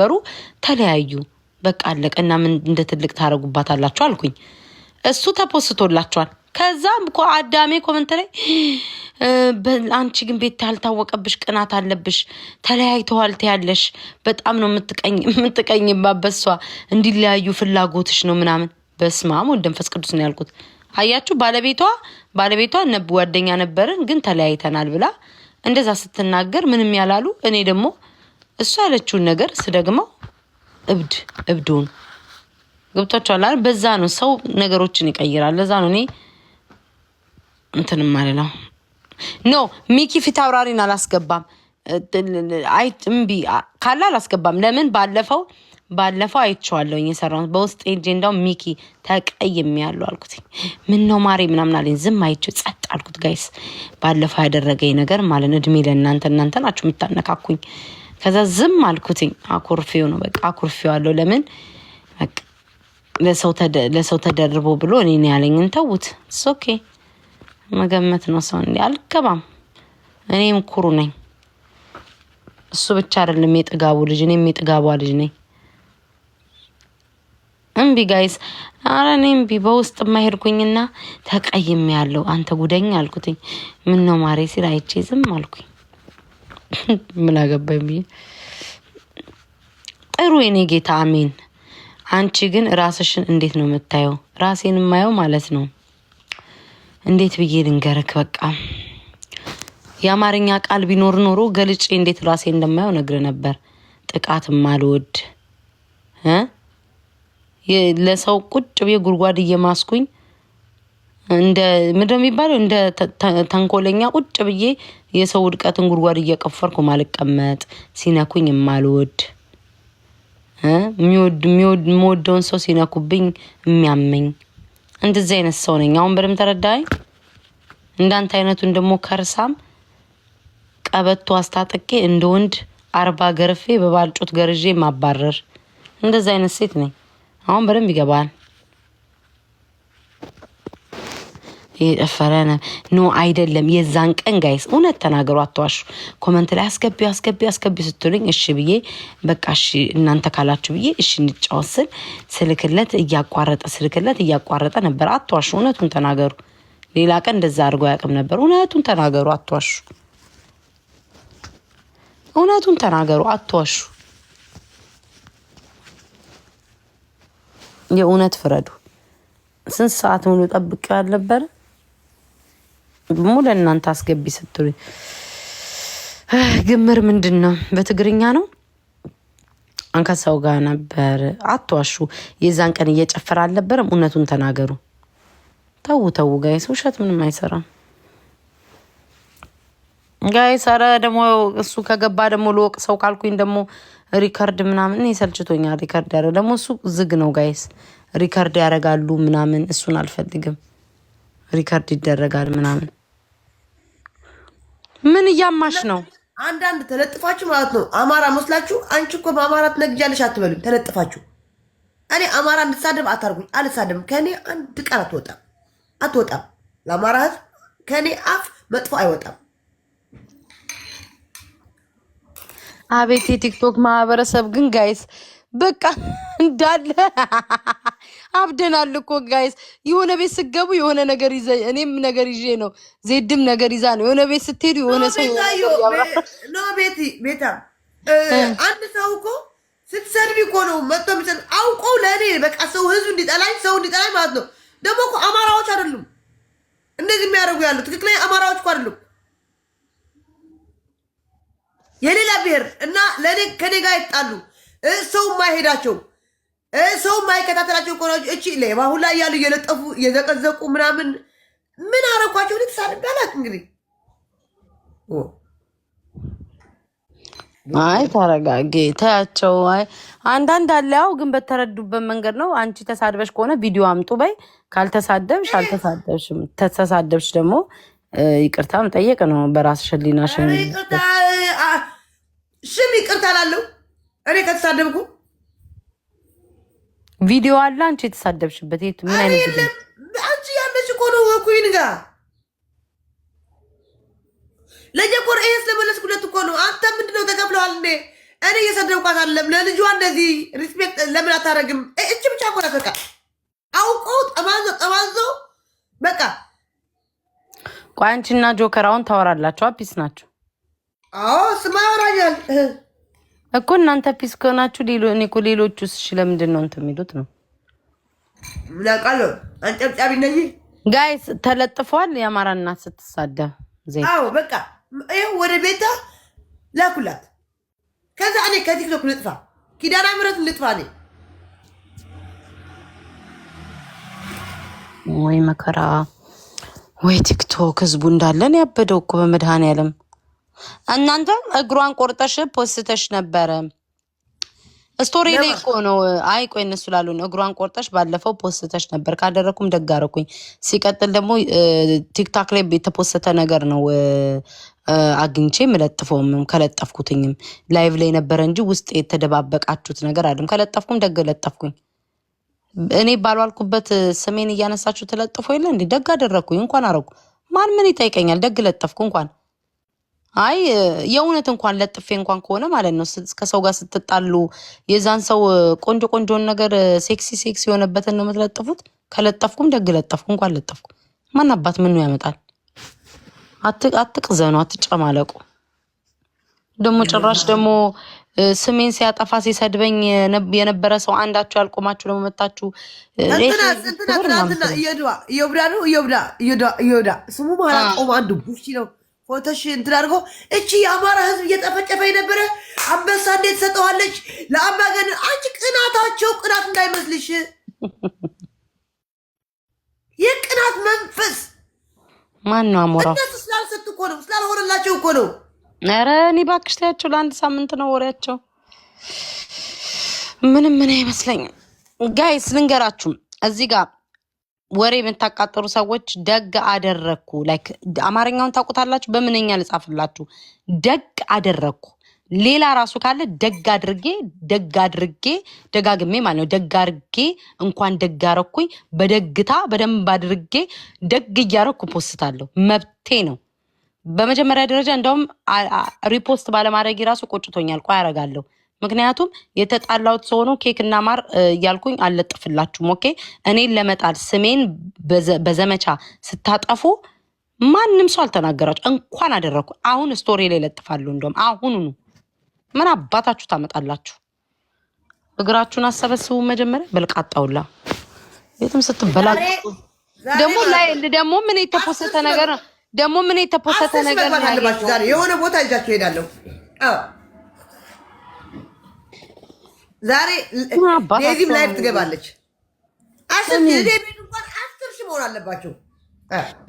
በሩ ተለያዩ። በቃ አለቀ እና ምን እንደ ትልቅ ታደረጉባታላችሁ አልኩኝ። እሱ ተፖስቶላችኋል። ከዛ አዳሜ ኮመንት ላይ አንቺ ግን ቤት ያልታወቀብሽ ቅናት አለብሽ፣ ተለያይተዋል ትያለሽ፣ በጣም ነው የምትቀኝባት፣ በሷ እንዲለያዩ ፍላጎትሽ ነው ምናምን። በስመ አብ ወወልድ ወመንፈስ ቅዱስ ነው ያልኩት። አያችሁ ባለቤቷ ባለቤቷ ነብ ጓደኛ ነበርን ግን ተለያይተናል ብላ እንደዛ ስትናገር ምንም ያላሉ እኔ ደግሞ እሱ ያለችውን ነገር ስደግመው እብድ እብዱን ገብቷቸዋል። በዛ ነው ሰው ነገሮችን ይቀይራል። ለዛ ነው እኔ እንትን ማለለው ኖ ሚኪ ፊት አውራሪን አላስገባም። አይ እምቢ ካለ አላስገባም። ለምን ባለፈው ባለፈው አይቼዋለሁኝ የሰራውን በውስጥ ሄጄ እንዳውም ሚኪ ተቀይም ያለው አልኩት። ምን ነው ማሬ ምናምን አለኝ። ዝም አይቼው ጸጥ አልኩት። ጋይስ ባለፈው ያደረገኝ ነገር ማለት እድሜ ለእናንተ እናንተ ናችሁ የምታነካኩኝ ከዛ ዝም አልኩትኝ። አኩርፊው ነው በቃ አኩርፊው አለው። ለምን ለሰው ተደርቦ ብሎ እኔን ያለኝን ተዉት። ኦኬ መገመት ነው ሰው እንዲ አልገባም። እኔም ኩሩ ነኝ። እሱ ብቻ አይደለም የጥጋቡ ልጅ፣ እኔም የጥጋቧ ልጅ ነኝ። እምቢ ጋይስ፣ አረ እኔ እምቢ በውስጥ የማይሄድኩኝና ተቀይሜ ያለው አንተ ጉደኛ አልኩትኝ። ምን ነው ማሬ ሲል አይቼ ዝም አልኩኝ። ምን አገባኝ ብዬ ጥሩ የኔ ጌታ አሜን። አንቺ ግን ራስሽን እንዴት ነው የምታየው? ራሴን የማየው ማለት ነው እንዴት ብዬ ልንገርክ? በቃ የአማርኛ ቃል ቢኖር ኖሮ ገልጬ እንዴት ራሴ እንደማየው ነግር ነበር። ጥቃትም አልወድ ለሰው ቁጭ ብዬ ጉድጓድ እየማስኩኝ እንደ ምንድነው የሚባለው እንደ ተንኮለኛ ቁጭ ብዬ የሰው ውድቀትን ጉድጓድ እየቀፈርኩ ማልቀመጥ ሲነኩኝ የማልወድ የሚወደውን ሰው ሲነኩብኝ የሚያመኝ እንደዚህ አይነት ሰው ነኝ። አሁን በደምብ ተረዳኝ። እንዳንተ አይነቱን ደግሞ ከርሳም ቀበቶ አስታጥቄ እንደ ወንድ አርባ ገርፌ በባልጩት ገርዤ ማባረር እንደዚህ አይነት ሴት ነኝ። አሁን በደንብ ይገባል። የጨፈረ ኖ አይደለም። የዛን ቀን ጋይስ እውነት ተናገሩ፣ አትዋሹ። ኮመንት ላይ አስገቢ አስገቢ አስገቢ ስትሉኝ እሺ ብዬ በቃ እሺ እናንተ ካላችሁ ብዬ እሺ እንጫወት ስል ስልክለት እያቋረጠ ስልክለት እያቋረጠ ነበር። አትዋሹ፣ እውነቱን ተናገሩ። ሌላ ቀን እንደዛ አድርጎ ያቅም ነበር። እውነቱን ተናገሩ፣ አትዋሹ። እውነቱን ተናገሩ፣ አትዋሹ። የእውነት ፍረዱ። ስንት ሰዓት ሙሉ ጠብቄው አልነበረ ደግሞ ለእናንተ አስገቢ ስትሉ ግምር ምንድን ነው? በትግርኛ ነው። አንከሳው ጋር ነበር። አትዋሹ። የዛን ቀን እየጨፈረ አልነበረም። እውነቱን ተናገሩ። ተው ተው ጋይስ፣ ውሸት ምንም አይሰራም ጋይስ። ኧረ ደግሞ እሱ ከገባ ደግሞ ልወቅ ሰው ካልኩኝ ደግሞ ሪከርድ ምናምን እኔ ሪከርድ ያረ ደግሞ እሱ ዝግ ነው ጋይስ። ሪከርድ ያደርጋሉ ምናምን እሱን አልፈልግም። ሪከርድ ይደረጋል ምናምን። ምን እያማሽ ነው? አንዳንድ ተለጥፋችሁ ማለት ነው አማራ መስላችሁ። አንቺ እኮ በአማራ ትነግጃለሽ አትበሉኝ። ተለጥፋችሁ እኔ አማራ እንድሳደብ አታርጉኝ። አልሳደብም። ከእኔ አንድ ቃል አትወጣም አትወጣም። ለአማራ ህዝብ ከእኔ አፍ መጥፎ አይወጣም። አቤት የቲክቶክ ማህበረሰብ ግን ጋይስ በቃ እንዳለ አብደናል እኮ ጋይስ። የሆነ ቤት ስገቡ የሆነ ነገር ይዘ እኔም ነገር ይዤ ነው፣ ዜድም ነገር ይዛ ነው። የሆነ ቤት ስትሄዱ የሆነ ሰው ኖ ቤቲ ቤታ አንድ ሰው እኮ ስትሰርቢ እኮ ነው መጥቶ የሚሰ አውቀው ለእኔ በቃ ሰው ህዝብ እንዲጠላኝ ሰው እንዲጠላኝ ማለት ነው። ደግሞ እኮ አማራዎች አይደሉም እንደዚህ የሚያደርጉ ያሉ ትክክለኛ አማራዎች እኮ አይደሉም የሌላ ብሔር እና ለእኔ ከኔ ጋር ይጣሉ ሰው ማይሄዳቸው ሰው ማይከታተላቸው እኮ እቺ ሌባ ሁላ እያሉ እየለጠፉ እየዘቀዘቁ ምናምን ምን አረኳቸው? ልትሳድብ አላት እንግዲህ አይ ተረጋጌ ተያቸው። አይ አንዳንድ አለ ያው ግን በተረዱበት መንገድ ነው። አንቺ ተሳድበሽ ከሆነ ቪዲዮ አምጡ በይ። ካልተሳደብሽ አልተሳደብሽም። ተሳደብሽ ደግሞ ይቅርታ መጠየቅ ነው በራስሽ ሕሊናሽን ሽም ይቅርታ ላለው እኔ ከተሳደብኩ ቪዲዮ አለ አንቺ የተሳደብሽበት የት? ምን አይነት አንቺ ያለች እኮ ነው ኩን ጋ ለጀኮር ይሄ ስለመለስኩለት እኮ ነው። አንተ ምንድነው ተከፍለዋል እንዴ? እኔ እየሰደብኳት አለም። ለልጇ እንደዚህ ሪስፔክት ለምን አታደርግም? እች ብቻ ኮ ናት። በቃ አውቆ ጠማዞ ጠማዞ በቃ ቆይ አንቺና ጆከር አሁን ታወራላችሁ። አፒስ ናቸው። አዎ ስማ ያወራኛል እኮ እናንተ ፒስ ከሆናችሁ ሌሎቹ ስሽ ለምንድን ነው እንትን የሚሉት ነው? ቃለ አንጨብጫቢ ነ ጋይስ ተለጥፏል። የአማራ እናት ስትሳደብ ዜና በቃ ይኸው ወደ ቤታ ላኩላት። ከዛ እኔ ከቲክቶክ ልጥፋ፣ ኪዳነ ምረት ልጥፋ። እኔ ወይ መከራ ወይ ቲክቶክ ህዝቡ እንዳለን ያበደው እኮ በመድኃኔዓለም እናንተም እግሯን ቆርጠሽ ፖስተሽ ነበረ ስቶሪ ላይ እኮ ነው። አይ ቆይ እነሱ ላሉን እግሯን ቆርጠሽ ባለፈው ፖስተሽ ነበር። ካደረኩም ደግ አደረኩኝ። ሲቀጥል ደግሞ ቲክታክ ላይ የተፖሰተ ነገር ነው አግኝቼ የምለጥፈውም ከለጠፍኩትኝም ላይቭ ላይ ነበረ እንጂ ውስጥ የተደባበቃችሁት ነገር አይደለም። ከለጠፍኩም ደግ ለጠፍኩኝ። እኔ ባልዋልኩበት ስሜን እያነሳችሁ ትለጥፎ የለ እንዴ? ደግ አደረኩኝ። እንኳን አረኩ። ማን ምን ይጠይቀኛል? ደግ ለጠፍኩ እንኳን አይ የእውነት እንኳን ለጥፌ እንኳን ከሆነ ማለት ነው ከሰው ጋር ስትጣሉ የዛን ሰው ቆንጆ ቆንጆን ነገር ሴክሲ ሴክሲ የሆነበትን ነው የምትለጥፉት። ከለጠፍኩም ደግ ለጠፍኩ እንኳን ለጠፍኩ ማን አባት ምኑ ያመጣል? አትቅዘኑ፣ አትጨማለቁ። ደግሞ ጭራሽ ደግሞ ስሜን ሲያጠፋ ሲሰድበኝ የነበረ ሰው አንዳችሁ ያልቆማችሁ ደግሞ መታችሁ ሬሽንዳ ስሙ ማለት አንዱ ቡሽ ነው ፎቶሽ እንትን አድርጎ እቺ የአማራ ህዝብ እየጠፈጨፈ የነበረ አንበሳ እንዴት ሰጠዋለች ለአምባገነን? አንቺ ቅናታቸው ቅናት እንዳይመስልሽ የቅናት መንፈስ ማን ነው አሞራ? እነሱ ስላልሰጡ እኮ ነው ስላልሆነላቸው እኮ ነው። ኧረ እኔ እባክሽ ታያቸው። ለአንድ ሳምንት ነው ወሬያቸው። ምንም ምን አይመስለኝም። ጋይስ ልንገራችሁም እዚህ ጋር ወሬ የምታቃጠሩ ሰዎች ደግ አደረግኩ። ላይክ አማርኛውን ታውቁታላችሁ። በምንኛ ልጻፍላችሁ? ደግ አደረግኩ። ሌላ ራሱ ካለ ደግ አድርጌ ደግ አድርጌ ደጋግሜ ማለት ነው። ደግ አድርጌ እንኳን ደግ አረኩኝ። በደግታ በደንብ አድርጌ ደግ እያረኩ ፖስታለሁ። መብቴ ነው። በመጀመሪያ ደረጃ እንደውም ሪፖስት ባለማድረጌ ራሱ ቆጭቶኛል። ቆይ አረጋለሁ ምክንያቱም የተጣላሁት ሰው ነው። ኬክ እና ማር እያልኩኝ አልለጥፍላችሁም። ኦኬ እኔን ለመጣል ስሜን በዘመቻ ስታጠፉ ማንም ሰው አልተናገራችሁ። እንኳን አደረግኩ። አሁን ስቶሪ ላይ ለጥፋለሁ። እንደውም አሁኑኑ ምን አባታችሁ ታመጣላችሁ? እግራችሁን አሰበስቡ መጀመሪያ። በልቃጣውላ የትም ስትበላ ደግሞ ላይ ደግሞ ምን የተፖሰተ ነገር ነው ደግሞ ምን የተፖሰተ ነገር ነው። የሆነ ቦታ ይዛችሁ ሄዳለሁ ዛሬ ዴዚም ላይፍ ትገባለች። አስር ቤት መሆን አለባቸው።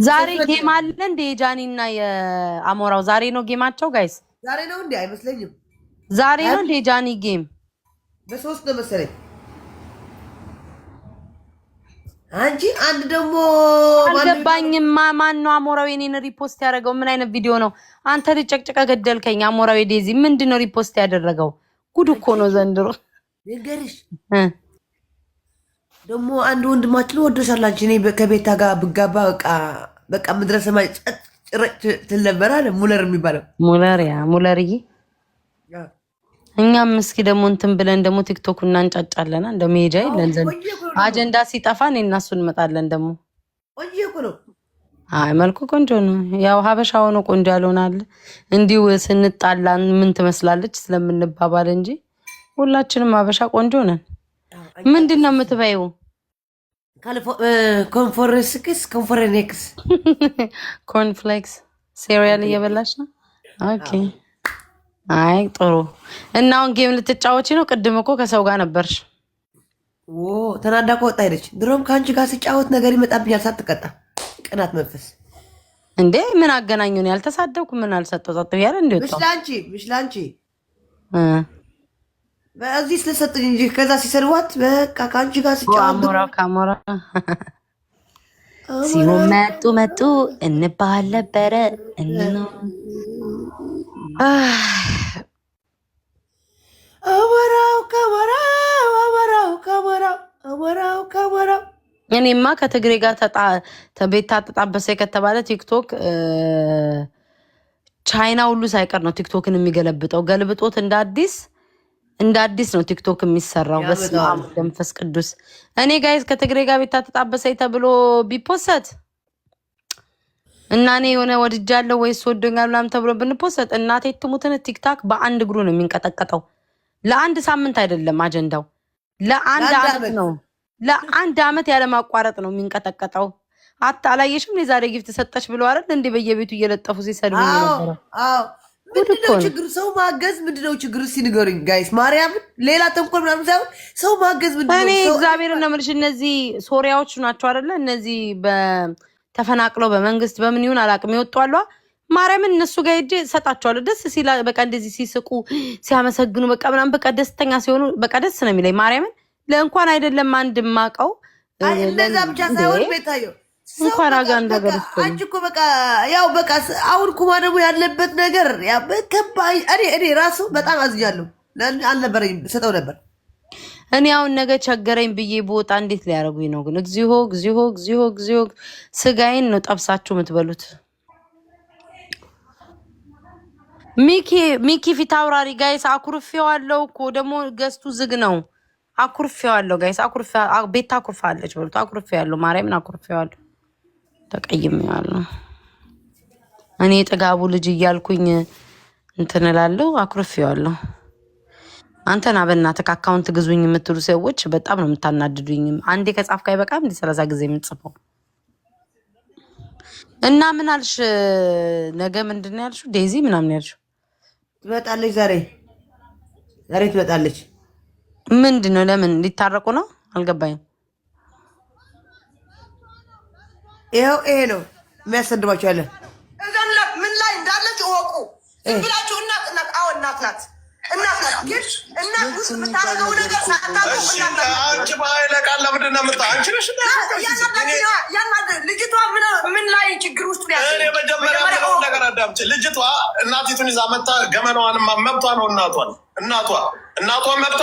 ዛሬ ጌም አለ እንዴ የጃኒ የአሞራው ዛሬ ነው ጌማቸው። ጋይስ ዛሬ ነው እንዴ? አይመስለኝም። ዛሬ ነው እንደ የጃኒ ጌም በሶስት ነው መሰለኝ። አንቺ አንድ ደግሞ አልገባኝም። ማን ነው አሞራው የኔን ሪፖስት ያደረገው? ምን አይነት ቪዲዮ ነው? አንተ ልጨቅጭቀ ገደልከኝ። አሞራው ዴዚ ምንድን ነው ሪፖስት ያደረገው? ጉድ እኮ ነው ዘንድሮ። ነገርሽ ደግሞ አንድ ወንድማችን ወዶሻል። እኔ ከቤታ ጋር ብጋባ በቃ በቃ ምድረ ሰማይ ጭረጭ ትል አለ ሙለር የሚባለው ሙለር ያ ሙለርዬ። እኛም እስኪ ደግሞ እንትን ብለን ደግሞ ቲክቶክ እናንጫጫለና እንደ መሄጃ የለን ዘንድ አጀንዳ ሲጠፋ እኔ እና እሱ እንመጣለን። ደግሞ ቆንጆ ነው። አይ መልኩ ቆንጆ ነው። ያው ሀበሻ ሆኖ ቆንጆ ያልሆናል። እንዲሁ ስንጣላ ምን ትመስላለች ስለምንባባል እንጂ ሁላችንም አበሻ ቆንጆ ነን። ምንድን ነው የምትበይው? ኮንፎርስክስ ኮንፎረኔክስ ኮርንፍሌክስ ሴሪያል እየበላች ነው። ኦኬ አይ ጥሩ። እና አሁን ጌም ልትጫወቺ ነው? ቅድም እኮ ከሰው ጋር ነበርሽ። ተናዳ እኮ ወጣ ሄደች። ድሮም ከአንቺ ጋር ስጫወት ነገር ይመጣብኛል። ሳትቀጣ ቅናት መንፈስ እንዴ ምን አገናኙ ነው? ያልተሳደብኩ ምን አልሰጠው ጸጥ ያለ እንዲ ወጣ በዚህ ስለሰጠኝ እንጂ ከዛ ሲሰድቧት በቃ ከአንቺ ጋር ስጫወራ ካሞራ ሲሆን መጡ መጡ እንባል ነበረ። አወራው ከወራው አወራው ከወራው አወራው ከወራው እኔማ ከትግሬ ጋር ተጣ ቤታ ተጣበሰ ከተባለ ቲክቶክ ቻይና ሁሉ ሳይቀር ነው ቲክቶክን የሚገለብጠው። ገልብጦት እንደ አዲስ እንደ አዲስ ነው ቲክቶክ የሚሰራው። በስመ አብ መንፈስ ቅዱስ። እኔ ጋይዝ ከትግሬ ጋር ቤታ ተብሎ ቢፖሰት እና እኔ የሆነ ወድጃለሁ ወይስ ወዶኛል ምናምን ተብሎ ብንፖሰት እናቴ ትሙትን ቲክታክ በአንድ እግሩ ነው የሚንቀጠቀጠው። ለአንድ ሳምንት አይደለም አጀንዳው፣ ለአንድ አመት ነው። ለአንድ አመት ያለማቋረጥ ነው የሚንቀጠቀጠው። አታላየሽም? የዛሬ ጊፍት ሰጠች ብሎ አይደል እንዴ በየቤቱ እየለጠፉ ሲሰድ ነበረ። ምንድነው ችግሩ? ሰው ማገዝ ምንድነው ችግሩ? ጋይስ። ማርያምን ሌላ ተንኮል ምናምን ሳይሆን ሰው ማገዝ ምንድነው? እኔ እግዚአብሔር ነው የምልሽ። እነዚህ ሶሪያዎች ናቸው እነዚህ ተፈናቅለው በመንግስት በምን ይሁን አላቅም ይወጡ አሏ ማርያምን እነሱ ጋር ሄጄ ደስ በቃ እንደዚህ ሲስቁ ሲያመሰግኑ በቃ ምናምን በቃ ደስተኛ ሲሆኑ በቃ ደስ ነው የሚለኝ ማርያምን ለእንኳን አይደለም አንድ ማቀው ብቻ ሳይሆን ቤታየው እንኳን አንቺ እኮ በቃ ያው በቃ አሁን ኩማ ደግሞ ያለበት ነገር እኔ እኔ ራሱ በጣም አዝኛለሁ። ሰጠው ነበር። እኔ አሁን ነገ ቸገረኝ ብዬ ቦታ እንዴት ሊያደርጉኝ ነው ግን? እግዚኦ እግዚኦ እግዚኦ እግዚኦ! ስጋዬን ነው ጠብሳችሁ የምትበሉት። ሚኪ ሚኪ ፊት አውራሪ ጋይስ አኩርፌዋለሁ እኮ ደግሞ ገዝቱ ዝግ ነው። አኩርፌዋለሁ ጋይስ፣ አኩርፌ በሉት። አኩርፌዋለሁ ማርያምን አኩርፌዋለሁ ተቀይሜዋለሁ። እኔ ጥጋቡ ልጅ እያልኩኝ እንትን እላለሁ፣ አኩርፌዋለሁ። አንተና በእናትህ አካውንት ግዙኝ የምትሉ ሰዎች በጣም ነው የምታናድዱኝም። አንዴ ከጻፍክ አይበቃም እንዲ ሰላሳ ጊዜ የምትጽፈው እና ምን አልሽ? ነገ ምንድን ነው ያልሽው? ዴዚ ምናምን ያልሽው ትመጣለች። ዛሬ ዛሬ ትመጣለች። ምንድን ነው ለምን ሊታረቁ ነው? አልገባኝም። ይኸው ይሄ ነው የሚያሰድባቸው ያለን ምን ላይ እንዳለች እወቁ ብላችሁ እናት እናት አዎ እናት ናት እናት ናት። ግን ልጅቷ እናቲቱን ይዛ መታ ገመናዋንማ መብቷ ነው እናቷን እናቷ እናቷ መብታ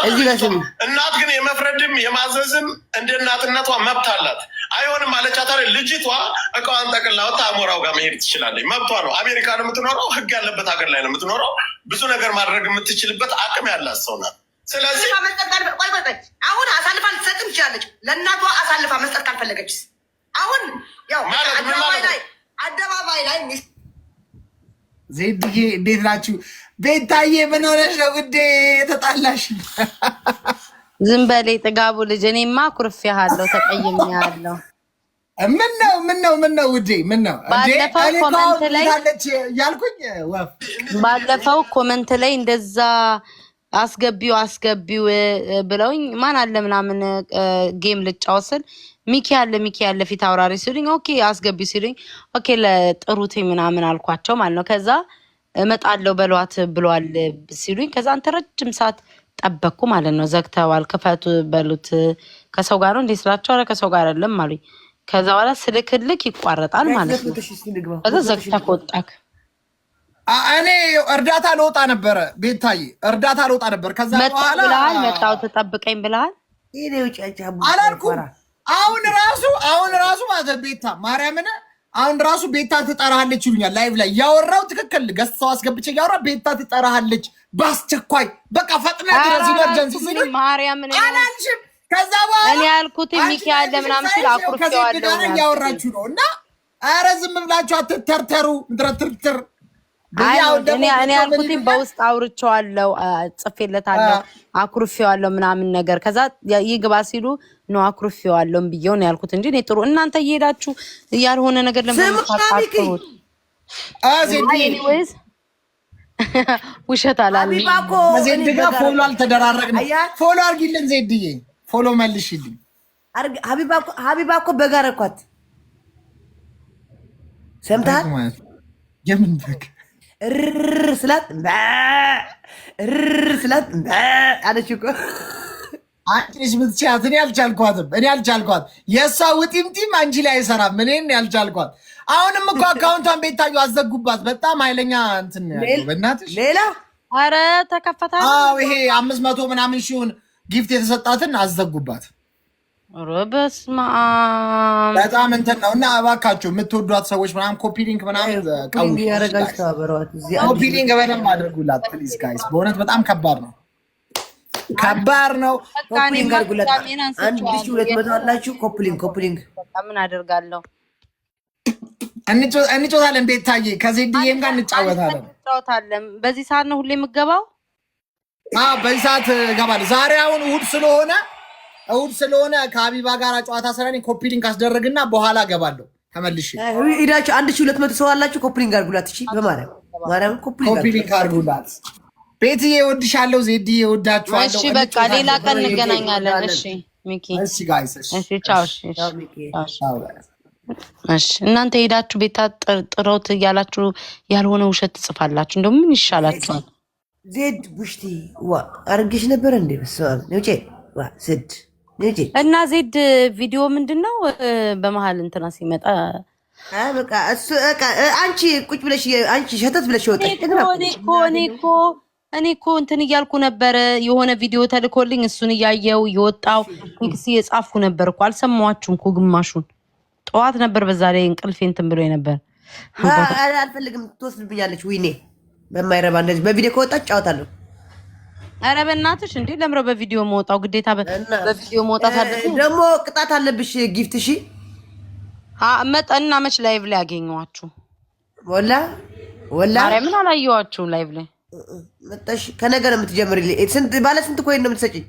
እናት ግን የመፍረድም የማዘዝም እንደ እናትነቷ መብት አላት። አይሆንም አለቻት። ልጅቷ እቃዋን ጠቅላ ወጥታ አሞራው ጋር መሄድ ትችላለች። መብቷ ነው። አሜሪካ ነው የምትኖረው። ህግ ያለበት ሀገር ላይ ነው የምትኖረው። ብዙ ነገር ማድረግ የምትችልበት አቅም ያላት ሰው ናት። ስለዚህ አሁን አሳልፋ ልትሰጥም ትችላለች። ለእናቷ አሳልፋ መስጠት ካልፈለገች አሁን አደባባይ ላይ ዜድዬ እንዴት ናችሁ? ቤታዬ ምን ሆነሽ ነው ጉዴ? የተጣላሽ ዝም በሌ ጥጋቡ ልጅ እኔማ ኩርፍ ያለው ተቀይም ያለው ምነው ምነው ምነው ውዴ ምነው ያልኩኝ ባለፈው ኮመንት ላይ እንደዛ አስገቢው አስገቢው ብለውኝ ማን አለ ምናምን ጌም ልጫወት ስል ሚኪ ያለ ሚኪ ያለ ፊት አውራሪ ሲሉኝ ኦኬ አስገቢው ሲሉኝ ኦኬ ለጥሩቴ ምናምን አልኳቸው ማለት ነው። ከዛ እመጣለሁ በሏት ብሏል ሲሉኝ ከዛ አንተ ረጅም ሰዓት ጠበቅኩ ማለት ነው። ዘግተዋል ክፈቱ በሉት ከሰው ጋር ነው እንዴ ስላቸው ኧረ ከሰው ጋር አይደለም አሉኝ። ከዛ በኋላ ስልክልክ ይቋረጣል ማለት ነው። ከዛ ዘግተህ ወጣክ። እኔ እርዳታ ለወጣ ነበረ፣ ቤታይ እርዳታ ለወጣ ነበር። ከዛ በኋላ መጣሁ ተጠብቀኝ ብልሃል አላልኩም። አሁን ራሱ አሁን ራሱ ማለት ቤታ ማርያምን አሁን ራሱ ቤታ ትጠራሃለች ይሉኛል። ላይቭ ላይ ያወራው ትክክል ገስ ሰው አስገብቼ ያወራ ቤታ ትጠራሃለች በአስቸኳይ በቃ ፈጥነ ድረስ ኢመርጀንሲ ሲሉኝ ማርያምን አላልሽም ከዛ በኋላ እኔ ያልኩት ሚካኤል ለምናምን ሲል አኩርፌዋለሁ እያወራችሁ ነው እና አረ ዝም ብላችሁ አትተርተሩ ምድረትርትር እኔ ያልኩትኝ በውስጥ አውርቼዋለሁ፣ ጽፌለታለሁ፣ አኩርፌዋለሁ ምናምን ነገር ከዛ ይግባ ሲሉ ነው አኩርፌዋለሁ ብዬው ነው ያልኩት እንጂ እኔ ጥሩ እናንተ እየሄዳችሁ ያልሆነ ነገር ለምንታጣሩት ውሸት አላለም። ዜድጋ ፎሎ አልተደራረግንም። ፎሎ አርጊልን ዜድዬ ፎሎ መልሽልኝ። ሀቢባ እኮ በግ አደረኳት። ሰምተሃል? የምን በግ እርር ስላት እርር ስላት አለች እኮ አንቺ ምትችያት። እኔ አልቻልኳትም፣ እኔ አልቻልኳት። የእሷ ውጢምጢም አንቺ ላይ አይሰራም። እኔን ያልቻልኳት አሁንም እኮ አካውንቷን ቤታዩ አዘጉባት። በጣም ኃይለኛ እንትን በእናትሽ ሌላ ኧረ ተከፈታ። ይሄ አምስት መቶ ምናምን ሺውን ጊፍት የተሰጣትን አዘጉባት። በጣም እንትን ነው። እና እባካችሁ የምትወዷት ሰዎች ምናምን ኮፒ ሊንክ ምናምን ኮፒ ሊንክ በደንብ አድርጉላት ፕሊዝ ጋይስ። በእውነት በጣም ከባድ ነው፣ ከባድ ነው። ኮፒ ሊንክ አድርጉላት። አንድ ሺህ ሁለት መቶ አላችሁ። ኮፒ ሊንክ ኮፒ ሊንክ ምን አደርጋለሁ? እንጮታለን። ቤት ታዬ ከዜድዬም ጋር እንጫወታለን። በዚህ ሰዓት ነው ሁሌ የምገባው በዚህ ሰዓት እገባለሁ። ዛሬ አሁን እሑድ ስለሆነ እሑድ ስለሆነ ከአቢባ ጋር ጨዋታ ስራ ኮፒሊንግ አስደረግና በኋላ እገባለሁ ተመልሼ። ሄዳችሁ አንድ ሺ ሁለት መቶ ሰው አላችሁ። ኮፒሊንግ አድርጉላት። እሺ፣ በማርያም ማርያም ኮፒሊንግ አድርጉላት። ቤትዬ እወድሻለሁ። ዜድዬ እወዳችኋለሁ። እሺ፣ በቃ ሌላ ቀን እንገናኛለን። እሺ እናንተ ሄዳችሁ ቤታ ጥሮት እያላችሁ ያልሆነ ውሸት ትጽፋላችሁ። እንደው ምን ይሻላችኋል? ዜድ ቡሽቲ ዋ አርጌሽ ነበር እንዴ? ውጭ ስድ እና ዜድ ቪዲዮ ምንድን ነው? በመሀል እንትና ሲመጣ በቃ አንቺ ቁጭ ብለሽ አንቺ ሸተት ብለሽ ይወጣል። እኔ እኮ እኔ እኮ እንትን እያልኩ ነበረ። የሆነ ቪዲዮ ተልኮልኝ እሱን እያየው እየወጣው ንቅስ እየጻፍኩ ነበር እኮ አልሰማኋችሁም እኮ ግማሹን። ጠዋት ነበር በዛ ላይ እንቅልፌ እንትን ብሎ ነበር። አልፈልግም ትወስድብኛለች ዊኔ በማይረባ እንደዚህ በቪዲዮ ከወጣች ጫወታለሁ። አረ በእናትሽ እንዴ! ለምረው በቪዲዮ መውጣው ግዴታ በቪዲዮ መውጣት አለብኝ። ደግሞ ቅጣት አለብሽ። ጊፍት ሺ መጠና መች ላይቭ ላይ ያገኘዋችሁ? ወላ ወላ ምን አላየዋችሁም ላይቭ ላይ መጣሽ። ከነገር ነው የምትጀምሪልኝ። ባለ ስንት ኮይን ነው የምትሰጪኝ?